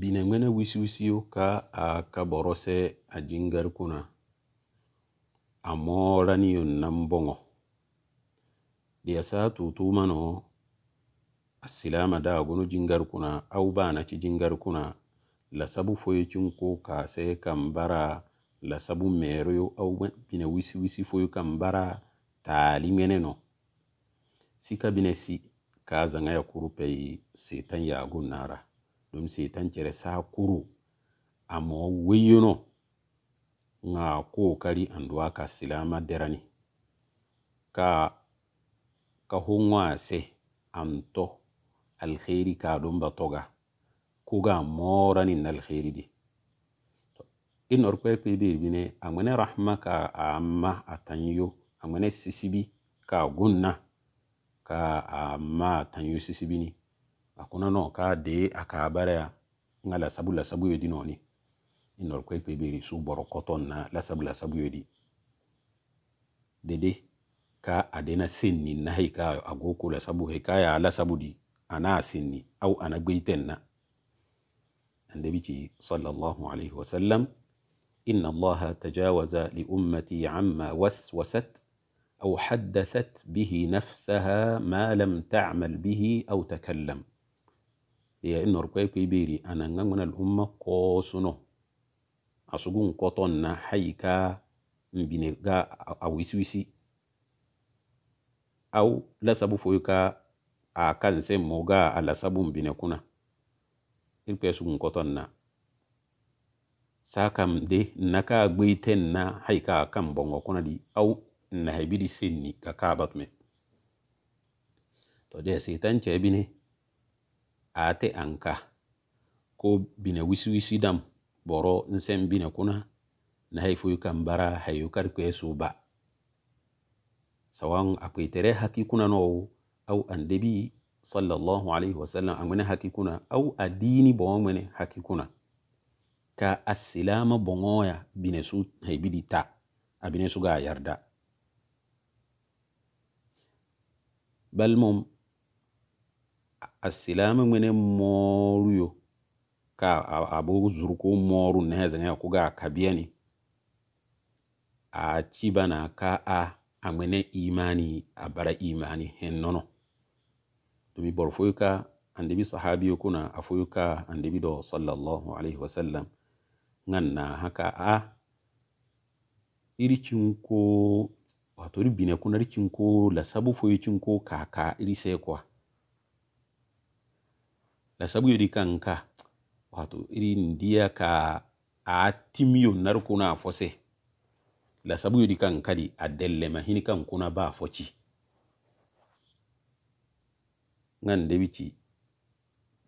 bine ŋmene wisiwisiwo ka a ka bɔrɔsɛ a jingari kuna a mɔɔraniyo nan bɔŋɔ diya saa tutuma nɔ a silama da a gono jingari kuna au baana ci jingari kuna lasabu foyo cinko ka sɛ kan bara lasabu mɛɛriyo au bine wisiwisi foyo kan bara taali ŋmene nɔ sika bine si ka zaŋa ya kurupɛ yi setan yaagun naara ɗum setan cere sa kuru amo weyyono nga kokari anduwa ka silama derani ka ka honwa se anto alheri ka ɗum batoga koga morani na alheri di inor kwe pede bine amene rahma ka amma atanyo amene sisibi ka gunna ka amma atanyo sisibini akuna no ka de akabara ya ngala sabu la sabu yedi noni inor kwe pebiri su borokoton na la sabula sabu yedi dede ka adena sinni na hika agoku la sabu ya la sabu di ana sinni au ana gbeitenna النبي صلى الله عليه وسلم إن الله تجاوز لأمتي عما وسوست أو حدثت به نفسها ما لم تعمل به أو تكلم iya inorkwai kwai beri a nan gangun al'umma ko suno a sugun koton na haika mbine ga a wisi-wisi au lasabu foyi ka a kan se mo ga a lasabu mbine kuna ilpe sugun koton na sakam de na ka gbaiten na haika a kan bongo kuna di au na haibiri sinni ka ka batme to de sai tance bi ne ate anka ko bina wisiwisi dam boro n sen bina kuna na haifoyu kan bara hayu karkwe su ba sawan akwai tere haki kuna nowu au andebi sallallahu alaihi wasallam angwene haki kuna au adini bo angwene haki kuna ka asilama bongoya bine su haibidi ta abine su ga yarda bal mom asilamu mwene moru yo ka abu zuru ko moru na zane ko ga kabiya ne a ci bana ka a a mwene imani a bara imani henono nono domi bor foyi ka andebi sahabiyo kuna a do sallallahu alaihi wasallam nan na haka a iri cinko wato iri kuna iri cinko lasabu foyi cinko kaka iri sai kuwa na sabu yodi kanka wato iri ndiya ka a timiyo nar kuna a fose la sabu yodi kanka di a delle ma hini kan kuna ba foci ngan de bici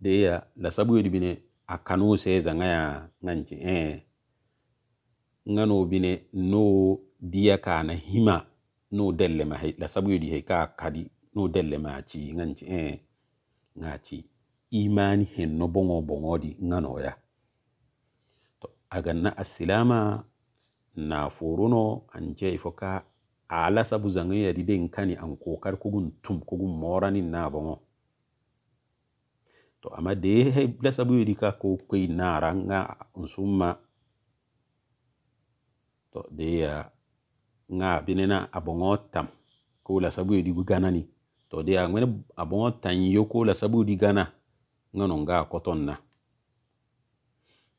de ya la sabu yodi bine a kanu seza ngaya nganci eh ngano bine no diya ka na hima no delle ma la sabu yodi he ka kadi no delle ma ci nganci eh ngaci imani henno boŋo boŋodi ŋanoya to aganna asilama naforuno anje ifo ka ala sabu zaŋe yadi den kani an kokari kogun tum kogun moranin na boŋo to ama de la sabu yadi ka ko koi nara ŋa nsumma to deya ŋa binena a boŋo tam ko la sabu yadi gu ganani to deya ŋene a boŋo tanyo ko la sabu yadi gana ngano nga koton na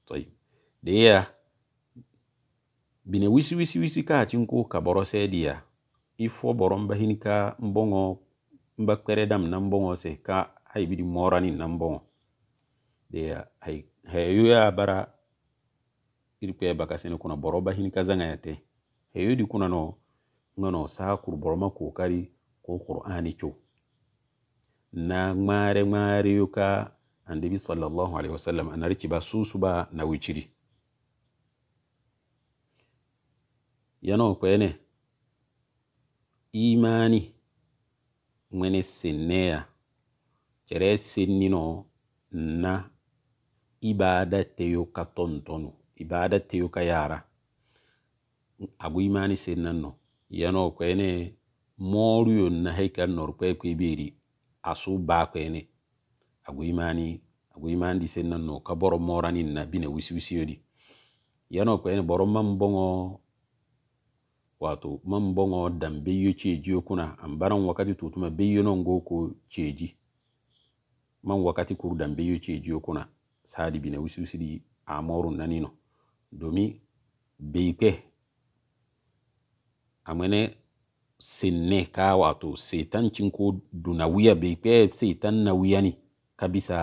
tayib deya bine wisi wisi wisi ka cin ka borose sediya ifo boro mbahin ka mbongo mba kwere dam na mbongo se ka haibidi morani na mbongo deya hay hayu ya bara irpe baka sene kuna boro bahin ka zanga yate hayu di kuna no ngano sa kur boro ma kokari ko qur'ani cho na mare mare yuka annabi sallallahu alaihi wasallam a narki ba susuba na wiciri yano kwene imani mene sinneya kere sinnino na ibada teyo ka tontonu ibada teyo ka yara agu imani sinnanno yano kwene moruyo na haikar norkwe kwe biri asu ba kwene agoimani agoimandi sennan no ka boro moranin na bina wisiwisiyodi yano ko ene boro man bongo wato man bongo dan beyo ceejiyo kuna an baran wakkati tutuma beyo non go ko ceeji wakati wakkati dam dan beyo ceejiyo kuna sadi bina wisiwisidi amoru nanino domi beype amene sinne ka wato setan cinko dunawiya beype setan nawiyani kabisa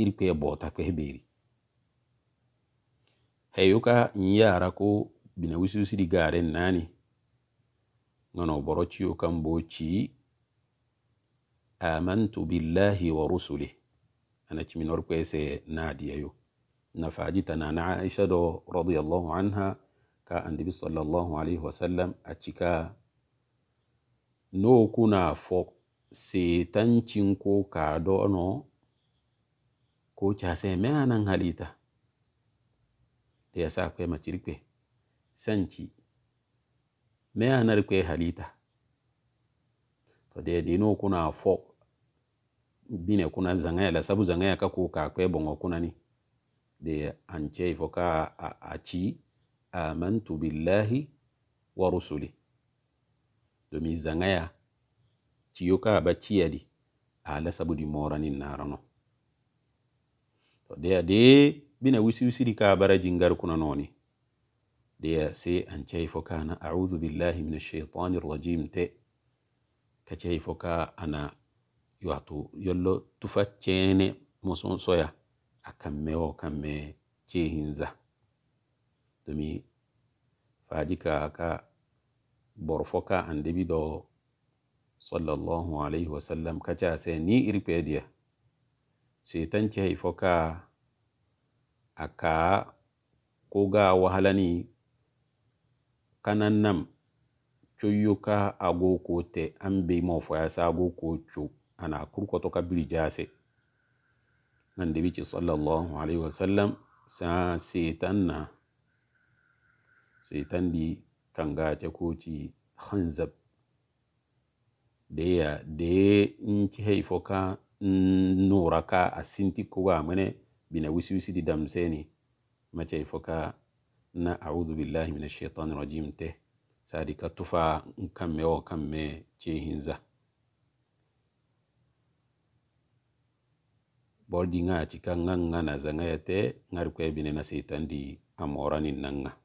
iri kwe bota kwe nyara ko bina wisusi garen nani nono borochi kan boci amantu billahi wa rusulih ana ci minor kwese nadiya yo na na aisha do radiyallahu anha ka annabi sallallahu alaihi wasallam a cika no kuna fo setancinko kaɗono ko case me anan halita te yasa kwe macirkwe sanci me anar halita to de dino kuna fo bine kuna zangaya la sabu kako ka kuka kwe bongo kuna ni de anche ifoka ci amantu billahi wa rusuli domin ya ciyokaaɓa ciyali ala sabudi moranin narono to deya de bina wisiwisiri kabaraji ngarkuna noni deya se an cayfo kana audu billahi min ashaitani rrajim te ka cayfo ka ana wato yollo tufa cene moson soya a kamme wo kamme cehinza domi faji ka ka borfo ka andebi do sallallahu alaihi wasallam kacha sai ni irpedia setan ce haifoka aka koga wahalani kanan nam cuyuka ago ko te an be mo ya sa ago ko co ana kurkoto ka biri jase nan da ci sallallahu alaihi wasallam sa setan na setan di kanga ta ko ci hanzab deya de nchihe ifoka nuraka asinti kuga mene bina wisiwisi di damseni macha ifoka na audhu billahi min ashaitani rajim te sadi tufa nkamme wo kamme chehinza bordi nga chika nga nga na zanga yate ngari kwe bine na seitandi amorani nanga